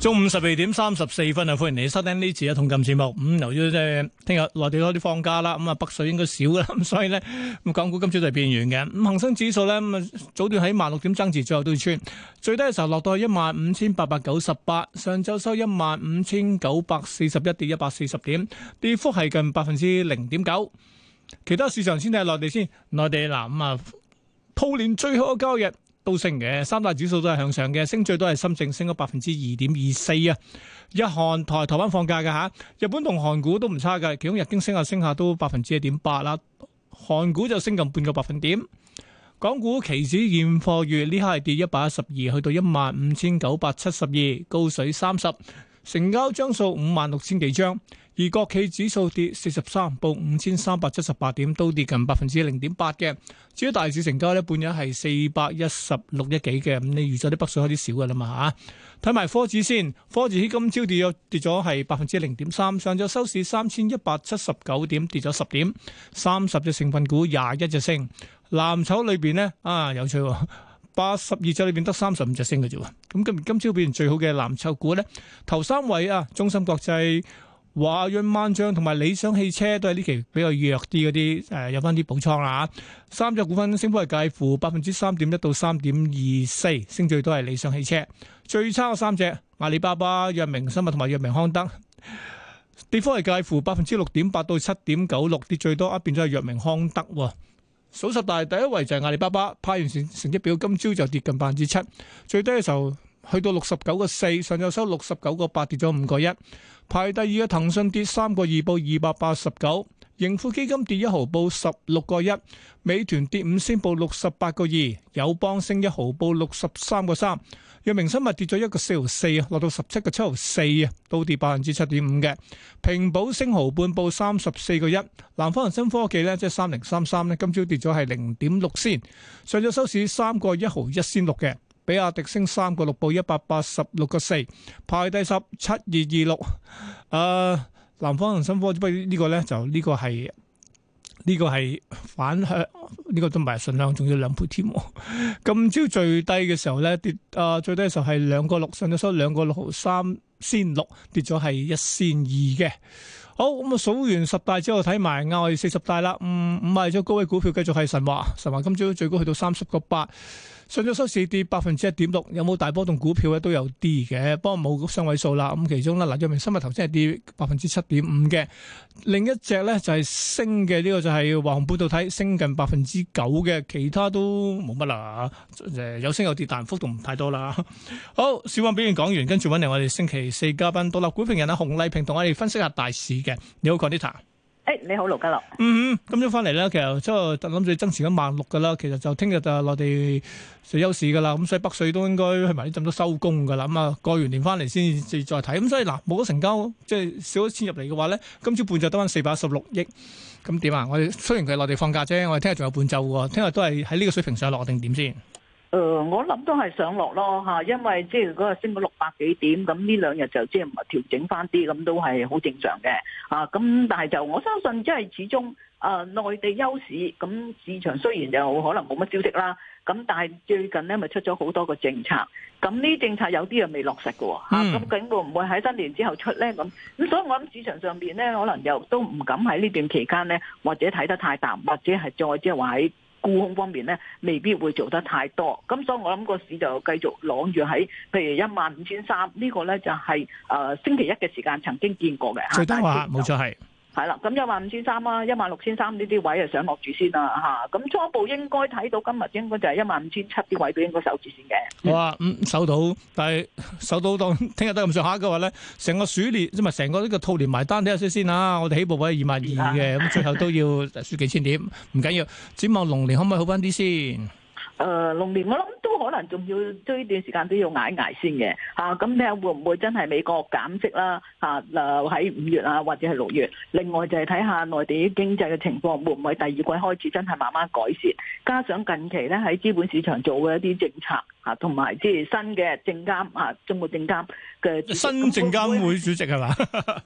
中午十二點三十四分啊，歡迎你收聽呢次嘅痛金節目。咁由於即係聽日內地多啲放假啦，咁啊北水應該少啦，咁所以咧，咁港股今朝就係變軟嘅。咁恒生指數咧咁啊，早段喺萬六點增持，最後都穿最低嘅時候落到一萬五千八百九十八，上晝收一萬五千九百四十一，跌一百四十點，跌幅係近百分之零點九。其他市場先睇內地先，內地嗱咁啊，兔年最後一個交易，高升嘅三大指數都係向上嘅，升最多係深證升咗百分之二點二四啊！日韓台台灣放假嘅，吓，日本同韓股都唔差嘅，其中日經升下升下都百分之一點八啦，韓股就升近半個百分點。港股期指現貨月呢下係跌一百一十二，去到一萬五千九百七十二，高水三十。成交張數五萬六千幾張，而國企指數跌四十三，報五千三百七十八點，都跌近百分之零點八嘅。至於大市成交咧，半日係四百一十六億幾嘅，咁你預咗啲北水開啲少噶啦嘛吓。睇埋科指先，科指今朝跌咗跌咗係百分之零點三，上晝收市三千一百七十九點，跌咗十點，三十隻成分股廿一隻升，藍籌裏邊呢，啊有趣啊。八十二隻裏邊得三十五隻升嘅啫，咁今今朝表現最好嘅藍籌股咧，頭三位啊，中芯國際、華潤萬象同埋理想汽車都係呢期比較弱啲嗰啲誒，有翻啲補倉啦，三隻股份升幅係介乎百分之三點一到三點二四，升最多係理想汽車，最差嘅三隻，阿里巴巴、藥明生物同埋藥明康德，跌幅係介乎百分之六點八到七點九六，跌最多啊變咗係藥明康德。數十大第一位就係阿里巴巴，派完成成績表，今朝就跌近百分之七，最低嘅時候去到六十九個四，上晝收六十九個八，跌咗五個一。排第二嘅騰訊跌三個二，報二百八十九。盈富基金跌一毫，報十六個一；美團跌五仙，報六十八個二；友邦升一毫，報六十三個三；藥明生物跌咗一個四毫四啊，4, 落到十七個七毫四啊，4, 都跌百分之七點五嘅。平保升毫半，報三十四個一；南方恒生科技呢，即係三零三三咧，今朝跌咗係零點六仙。上咗收市三個一毫一仙六嘅，比亞迪升三個六，報一百八十六個四，排第十七二二六，誒、呃。南方恒生科，不、這、過、個、呢個咧就呢個係呢個係反向，呢、這個都唔係順量，仲要兩倍添。 今朝最低嘅時候咧跌，啊、呃、最低嘅時候係兩個六，上咗升兩個六毫三，先六跌咗係一仙二嘅。好，咁、嗯、啊數完十大之後睇埋啱我哋四十大啦，唔係，即係高位股票繼續係神華，神華今朝最高去到三十個八。上週收市跌百分之一點六，有冇大波動股票咧都有啲嘅，不過冇雙位數啦。咁其中咧，嗱，藥明生物投資係跌百分之七點五嘅，另一隻咧就係、是、升嘅呢、這個就係華虹半導體升近百分之九嘅，其他都冇乜啦。有升有跌，但係幅度唔太多啦。好，小王表現講完，跟住揾嚟我哋星期四嘉賓獨立股評人啊熊麗萍同我哋分析下大市嘅，你好，Angela。誒、哎，你好盧家樂。嗯嗯，今朝翻嚟啦，其實即係諗住增持咗萬六噶啦，其實就聽日就內地休市噶啦，咁所以北水都應該去埋啲咁多收工噶啦，咁啊過完年翻嚟先至再睇，咁所以嗱冇咗成交即係少咗錢入嚟嘅話咧，今朝半晝得翻四百一十六億，咁點啊？我哋雖然佢係內地放假啫，我哋聽日仲有半晝喎，聽日都係喺呢個水平上落定點先。誒、呃，我諗都係上落咯嚇，因為即係嗰日升到六百幾點，咁呢兩日就即係唔係調整翻啲，咁都係好正常嘅嚇。咁、啊、但係就我相信即，即係始終誒內地優市，咁市場雖然就可能冇乜消息啦，咁但係最近咧咪出咗好多個政策，咁呢政策有啲又未落實嘅嚇，咁、啊、究竟會唔會喺新年之後出咧咁。咁所以我諗市場上邊咧，可能又都唔敢喺呢段期間咧，或者睇得太淡，或者係再即係話喺。就是沽空方面咧，未必會做得太多，咁所以我諗個市就繼續攏住喺，譬如一萬五千三呢個咧、就是，就係誒星期一嘅時間曾經見過嘅嚇。最低話，冇錯係。係啦，咁一萬五千三啦，一萬六千三呢啲位想啊，上落住先啦吓。咁初步應該睇到今日應該就係一萬五千七啲位都應該守住先嘅。嗯、好啊，守、嗯、到，但係守到當聽日都咁上下嘅話咧，成個鼠年即係咪成個呢個兔年埋單睇下先先啊！我哋起步位二萬二嘅，咁是、啊、 最後都要輸幾千點，唔緊要，展望龍年可唔可以好翻啲先。誒農、呃、年我諗都可能仲要追一段時間，都要捱捱先嘅嚇，咁睇下會唔會真係美國減息啦嚇？嗱喺五月啊或者係六月，另外就係睇下內地啲經濟嘅情況會唔會第二季開始真係慢慢改善，加上近期咧喺資本市場做嘅一啲政策嚇，同埋即係新嘅證監嚇、啊、中國證監嘅新證監會主席係嘛？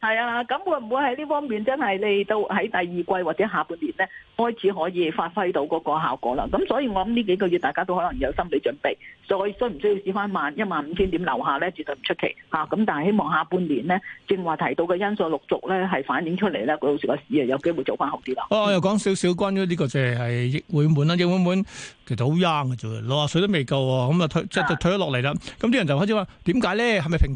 係啊，咁會唔會喺呢方面真係你到喺第二季或者下半年咧，開始可以發揮到嗰個效果啦？咁所以我諗呢幾個月大家都可能有心理準備，所以需唔需要試翻萬一萬五千點樓下咧，絕對唔出奇吓。咁但係希望下半年咧，正話提到嘅因素陸續咧係反映出嚟咧，嗰段時間市啊有機會做翻好啲啦。哦，我又講少少關於呢個就係易會滿啦，易會滿其實好 young 嘅啫，六啊歲都未夠喎，咁啊退即係退咗落嚟啦。咁啲人就開始話點解咧？係咪平？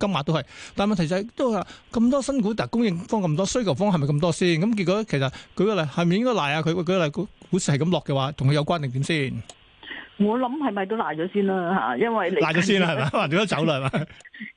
金馬都係，但問題就係都係咁多新股，但供應方咁多，需求方係咪咁多先？咁結果其實舉個例，係咪應該賴啊佢？舉個例股股市係咁落嘅話，同佢有關定點先？我諗係咪都賴咗先啦嚇，因為你賴咗先啦係咪？橫掂都走啦係咪？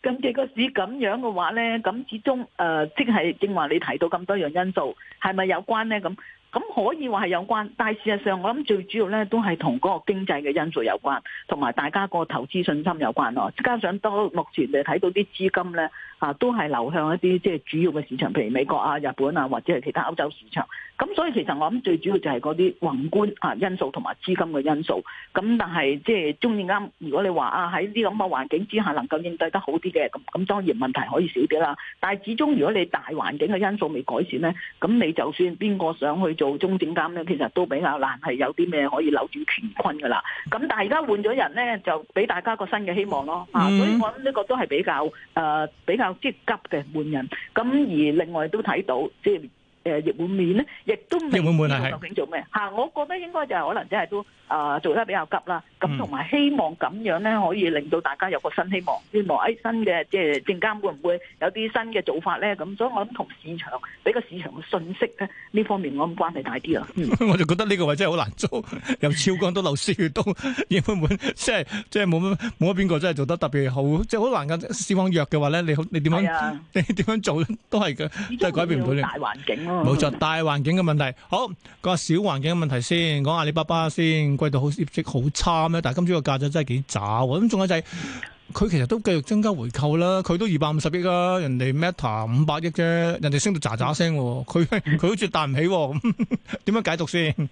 咁幾個市咁樣嘅話咧，咁始終誒，即係正話你提到咁多樣因素，係咪有關咧？咁。咁可以話係有關，但係事實上我諗最主要咧都係同嗰個經濟嘅因素有關，同埋大家個投資信心有關咯。加上都目前你睇到啲資金咧，啊都係流向一啲即係主要嘅市場，譬如美國啊、日本啊，或者係其他歐洲市場。咁所以其實我諗最主要就係嗰啲宏觀啊因素同埋資金嘅因素。咁但係即係中意啱，如果你話啊喺呢咁嘅環境之下能夠應對得好啲嘅，咁咁當然問題可以少啲啦。但係始終如果你大環境嘅因素未改善咧，咁你就算邊個想去做做中證監咧，其實都比較難，係有啲咩可以扭轉乾坤嘅啦。咁但係而家換咗人咧，就俾大家個新嘅希望咯。啊，所以我諗呢個都係比較誒比較即係急嘅換人。咁而另外都睇到即係誒業務面咧，亦都業務面究竟做咩？嚇，我覺得應該就係可能即係都。啊，做得比較急啦，咁同埋希望咁樣咧，可以令到大家有個新希望，希望喺新嘅即係證監會唔會有啲新嘅做法咧，咁所以我諗同市場俾個市場嘅信息咧，呢方面我諗關係大啲啦。嗯，我就覺得呢個位真係好難做，又超幹多流鮮血多，會唔會即係即係冇乜冇乜邊個真係做得特別好，即係好難噶。市場弱嘅話咧，你你你點樣你點樣做都係嘅，即係改變唔到大環境咯。冇錯，大環境嘅問題，好講下小環境嘅問題先，講阿里巴巴先。季度好業績好差咩？但係今朝個價值真係幾渣喎！咁仲有就係、是、佢其實都繼續增加回購啦，佢都二百五十億啦、啊，人哋 Meta 五百億啫，人哋升到喳喳聲，佢佢好似彈唔起喎、啊，點 樣解讀先？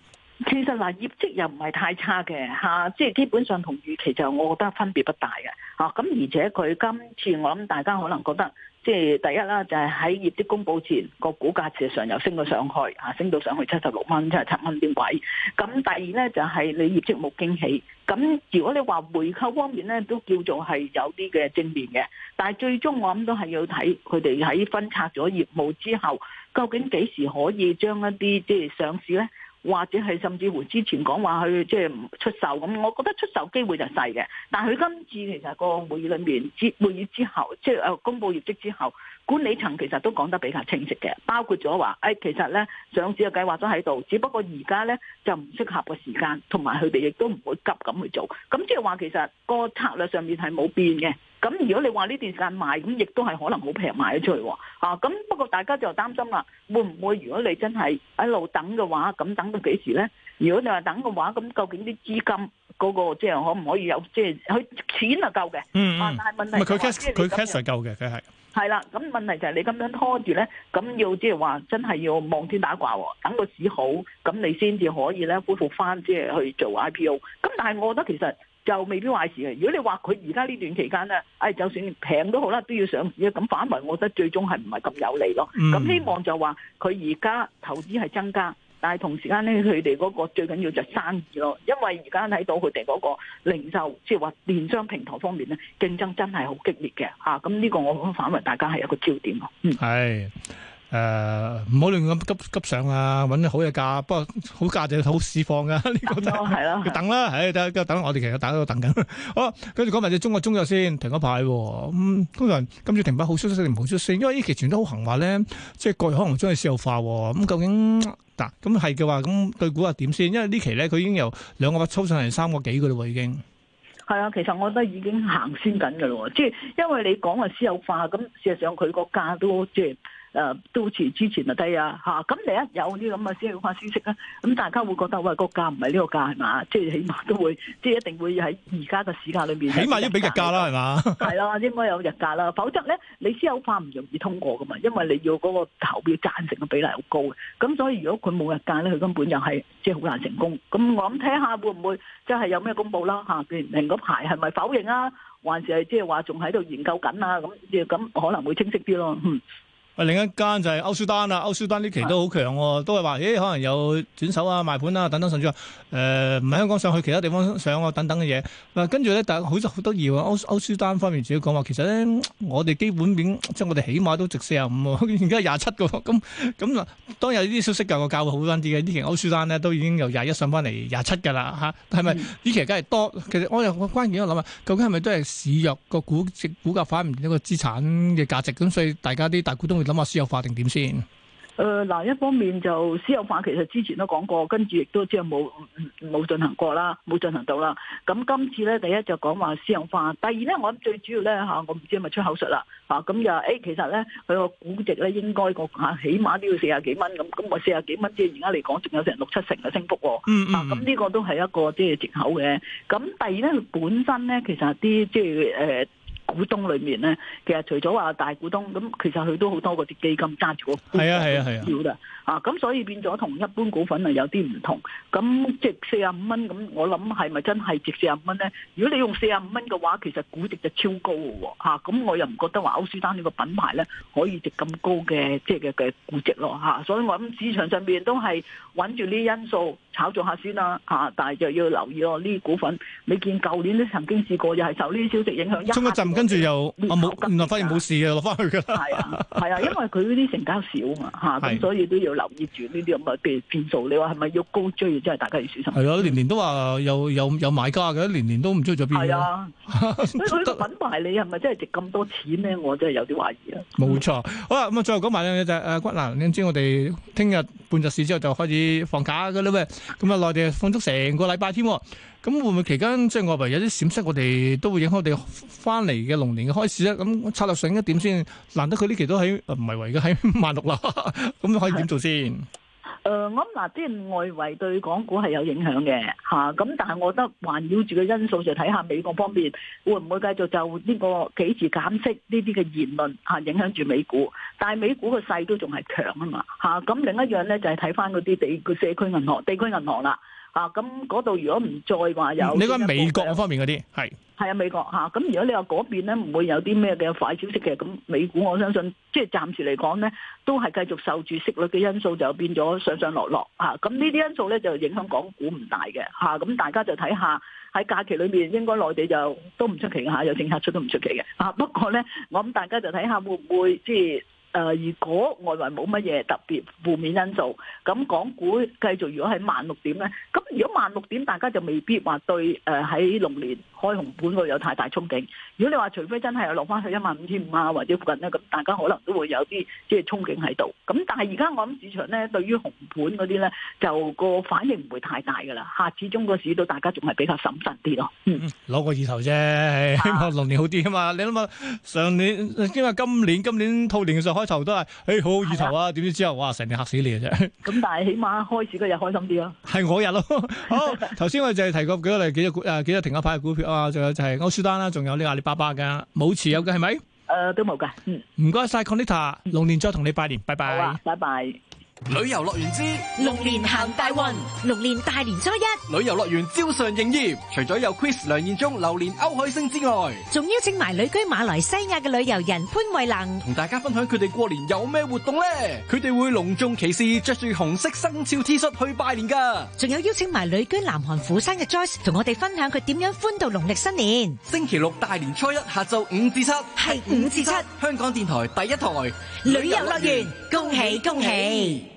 其實嗱，業績又唔係太差嘅吓，即係基本上同預期就我覺得分別不大嘅吓。咁而且佢今次我諗大家可能覺得，即係第一啦，就係、是、喺業績公佈前個股價事實上又升咗上去，吓升到上去七十六蚊，即係七十七蚊啲位。咁第二咧就係你業績冇驚喜。咁如果你話回購方面咧，都叫做係有啲嘅正面嘅。但係最終我諗都係要睇佢哋喺分拆咗業務之後，究竟幾時可以將一啲即係上市咧？或者係甚至乎之前講話佢即係出售咁，我覺得出售機會就細嘅。但係佢今次其實個會議裏面，之會議之後即係誒公佈業績之後，管理層其實都講得比較清晰嘅，包括咗話誒，其實咧上次嘅計劃都喺度，只不過而家咧就唔適合個時間，同埋佢哋亦都唔會急咁去做。咁即係話其實個策略上面係冇變嘅。咁如果你話呢段時間賣，咁亦都係可能好平賣咗出去喎。啊，咁不過大家就擔心啦，會唔會如果你真係一路等嘅話，咁等到幾時咧？如果你話等嘅話，咁究竟啲資金嗰個即係可唔可以有即係佢錢啊夠嘅？嗯嗯。但係問題唔係佢 cash，佢 cash 係夠嘅，佢係。係啦，咁問題就係你咁樣拖住咧，咁要即係話真係要望天打卦喎，等個市好，咁你先至可以咧恢復翻即係去做 IPO。咁但係我覺得其實，就未必壞事嘅。如果你話佢而家呢段期間咧，誒、哎，就算平都好啦，都要上市啊。咁反為，我覺得最終係唔係咁有利咯。咁、嗯、希望就話佢而家投資係增加，但係同時間咧，佢哋嗰個最緊要就生意咯。因為而家睇到佢哋嗰個零售，即係話電商平台方面咧，競爭真係好激烈嘅。吓、啊，咁呢個我反為大家係一個焦點咯。嗯，係、哎。誒，唔好亂咁急急上啊！搵啲好嘅價，不過好價就好市況嘅呢個就係、是、咯，等啦，唉，等等我哋其實大家都等緊。好，跟住講埋隻中國中藥先停一排、啊，咁、嗯、通常今次停牌好消息定唔好消息？因為呢期全都好行話咧，即係國可能將佢私有化、啊。咁、嗯、究竟嗱，咁係嘅話，咁對估又點先？因為期呢期咧，佢已經由兩個八抽上嚟三個幾噶啦，已經係啊。其實我覺得已經行先緊噶啦，即係因為你講話私有化，咁事實上佢個價都即係。誒，都好似之前啊低啊吓，咁你一有啲咁嘅私有化消息啊，咁大家會覺得喂個價唔係呢個價係嘛？即係起碼都會，即係一定會喺而家嘅市價裏面起碼要俾日價啦係嘛？係啦，應該有日價啦，否則咧你私有化唔容易通過噶嘛，因為你要嗰個投票讚成嘅比例好高嘅，咁所以如果佢冇日價咧，佢根本又係即係好難成功。咁我諗睇下會唔會即係有咩公布啦吓？變另外排係咪否認啊，還是係即係話仲喺度研究緊啊？咁即係咁可能會清晰啲咯，嗯。另一間就係歐舒丹啊，歐舒丹呢期都好強，哦，都係話，咦？可能有轉手啊、賣盤啊等等甚至話，誒唔係香港上去其他地方上啊等等嘅嘢。嗱、啊，跟住咧，但好就好得意喎。歐歐舒丹方面主要講話，其實咧，我哋基本面即係我哋起碼都值四十五喎，而家廿七個咁咁啊。當有呢啲消息嘅個價會好翻啲嘅，呢期歐舒丹呢都已經由廿一上翻嚟廿七㗎啦嚇，係、啊、咪？呢、嗯、期梗係多。其實我又個關鍵我諗下，究竟係咪都係市弱個股值股價反映唔一個資產嘅價值？咁、嗯、所以大家啲大股東會。諗下私有化定點先。誒，嗱，一方面就私有化，其實之前都講過，跟住亦都即係冇冇進行過啦，冇進行到啦。咁今次咧，第一就講話私有化，第二咧，我諗最主要咧吓，我唔知係咪出口術啦吓。咁又誒，嗯嗯嗯、其實咧佢個估值咧應該個吓起碼都要四啊幾蚊咁，咁我四啊幾蚊即係，而家嚟講仲有成六七成嘅升幅。啊、嗯咁呢個都係一個即係借口嘅。咁第二咧本身咧，其實啲即係誒。嗯股東裏面咧，其實，除咗話大股東，咁其實佢都好多嗰啲基金揸住個股嚟做嘅，啊，咁所以變咗同一般股份啊有啲唔同。咁值四啊五蚊，咁我諗係咪真係值四啊五蚊咧？如果你用四啊五蚊嘅話，其實估值就超高嘅喎，吓，咁我又唔覺得話歐舒丹呢個品牌咧可以值咁高嘅即係嘅嘅估值咯，吓。所以我諗市場上邊都係揾住呢啲因素炒作下先啦，吓，但係就要留意咯呢啲股份。你見舊年都曾經試過，又係受呢啲消息影響一。跟住又啊冇，原來發現冇事嘅，落翻去嘅。係啊，係啊，因為佢呢啲成交少嘛，吓、啊、咁、啊、所以都要留意住呢啲咁嘅變變數。你話係咪要高追？真係大家要小心。係啊，年年都話有有有買家嘅，年年都唔追咗邊、啊。係啊，所以佢品牌，你，係咪、 啊、真係值咁多錢咧？我真係有啲懷疑啊。冇錯，好啦，咁啊，最後講埋兩樣嘢就係阿骨蘭，你知我哋聽日半日市之後就開始放假嘅啦喂。咁啊，內地放足成個禮拜添。咁會唔會期間即係外圍有啲閃失，我哋都會影響我哋翻嚟嘅龍年嘅開市。咧？咁策略上應該點先，難得佢呢期都喺唔係圍嘅，喺萬六啦，咁 可以點做先？誒、呃，我諗嗱，即係外圍對港股係有影響嘅吓，咁但係我覺得環繞住嘅因素就睇下美國方面會唔會繼續就呢、這個幾時減息呢啲嘅言論吓影響住美股，但係美股嘅勢都仲係強啊嘛吓，咁另一樣咧就係睇翻嗰啲地個社區銀行、地區銀行啦。啊，咁嗰度如果唔再話有，你講美國方面嗰啲係，係啊美國吓，咁、啊、如果你話嗰邊咧唔會有啲咩嘅快消息嘅，咁美股我相信即係暫時嚟講咧，都係繼續受住息率嘅因素就變咗上上落落吓，咁呢啲因素咧就影響港股唔大嘅吓，咁、啊、大家就睇下喺假期裏面應該內地就都唔出奇嘅吓、啊，有政策出都唔出奇嘅，啊不過咧我諗大家就睇下會唔會即係。啊誒，如果外圍冇乜嘢特別負面因素，咁港股繼續如果喺萬六點咧，咁如果萬六點，大家就未必話對誒喺龍年開紅盤嗰有太大憧憬。如果你話除非真係有落翻去一萬五千五啊，或者附近咧，咁大家可能都會有啲即係憧憬喺度。咁但係而家我諗市場咧，對於紅盤嗰啲咧，就個反應唔會太大㗎啦嚇。始終個市都大家仲係比較審慎啲咯。嗯，攞個意頭啫，希望龍年好啲啊嘛。你諗下上年，因為今年今年兔年上開。開頭都係，誒，好好意頭啊！點的知之後，哇，成日嚇死你啊！啫。咁但係起碼開始嗰日開心啲咯。係、 哦、我日咯。好，頭先我哋就係提過幾多嚟，幾隻股誒，幾隻停咗牌嘅股票啊，仲、哦、有就係歐舒丹啦，仲有呢阿里巴巴嘅，冇持有嘅係咪？誒、呃，都冇噶。嗯。唔該晒 c o n n i t a h 龍年再同你拜年，嗯、拜拜。好啊，拜拜。旅遊樂園之六年行大運，六年大年初一，旅遊樂園照常營業。除咗有 Chris、梁彥忠、榴蓮、歐海星之外，仲邀請埋旅居馬來西亞嘅旅遊人潘慧能，同大家分享佢哋過年有咩活動咧？佢哋會隆重其事，着住紅色生肖 T 恤去拜年噶。仲有邀請埋旅居南韓釜山嘅 Joyce，同我哋分享佢點樣歡度農曆新年。星期六大年初一下晝五至七係五至七，香港電台第一台旅遊樂園，恭喜恭喜！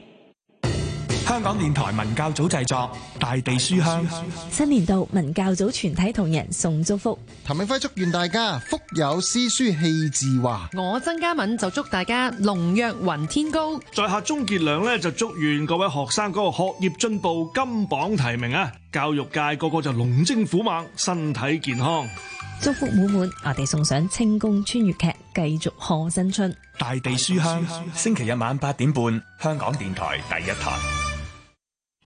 香港電台文教組製作《大地書香》，新年到，文教組全體同仁送祝福。譚永輝祝願大家福有詩書氣自華。我曾嘉敏就祝大家龍躍雲天高。在下鍾杰良呢，就祝願各位學生嗰個學業進步，金榜題名啊！教育界個個就龍精虎猛，身體健康。祝福滿滿，我哋送上宮《清宮穿越劇》，繼續賀新春。《大地書香》書香，香星期日晚八點半，香港電台第一台。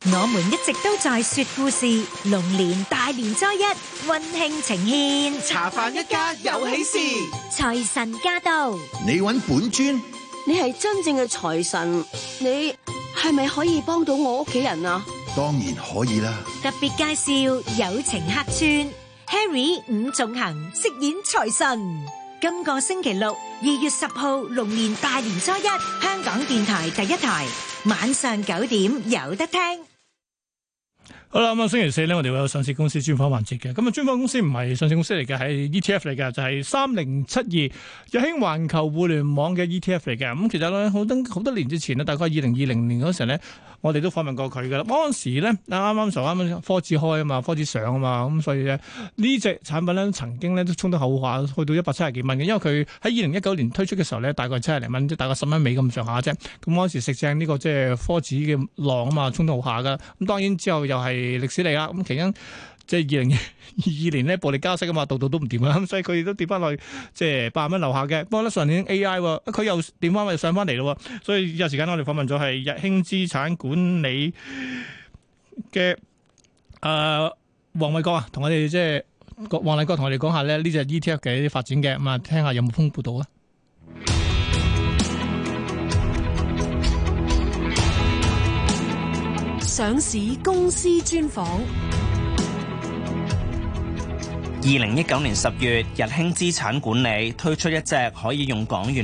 我們一直都在說故事。龍年大年初一，溫馨呈現茶飯一家有喜事，財神駕到。你揾本尊，你係真正嘅財神，你係咪可以幫到我屋企人啊？當然可以啦。特別介紹友情客串 Harry 伍仲衡飾演財神。今個星期六二月十號龍年大年初一，香港電台第一台晚上九點有得聽。好啦，咁啊，星期四咧，我哋會有上市公司專訪環節嘅。咁啊，專訪公司唔係上市公司嚟嘅，係 ETF 嚟嘅，就係三零七二日興環球互聯網嘅 ETF 嚟嘅。咁、嗯、其實咧，好多好多年之前咧，大概二零二零年嗰時候咧。我哋都訪問過佢嘅啦，嗰陣時咧，啱啱上啱啱科指開啊嘛，科指上啊嘛，咁所以咧，呢隻產品咧，曾經咧都衝得好下，去到一百七十幾蚊嘅，因為佢喺二零一九年推出嘅時候咧，大概七十零蚊，即係大概十蚊尾咁上下啫。咁嗰陣時食正呢個即係科指嘅浪啊嘛，衝得好下嘅。咁當然之後又係歷史嚟啦。咁其因。即係二零二二年咧，暴力加息啊嘛，度度都唔掂啦，咁所以佢哋都跌翻落去，即係八萬蚊樓下嘅。不過咧上年 AI，佢又跌翻，又上翻嚟咯。所以有時間我哋訪問咗係日興資產管理嘅誒、呃、黃偉國啊，同我哋即係黃偉國同我哋講下咧呢隻 ETF 嘅啲發展嘅，咁啊聽下有冇豐富到啊！上市公司專訪。二零一九年十月，日興資產管理推出一隻可以用港元。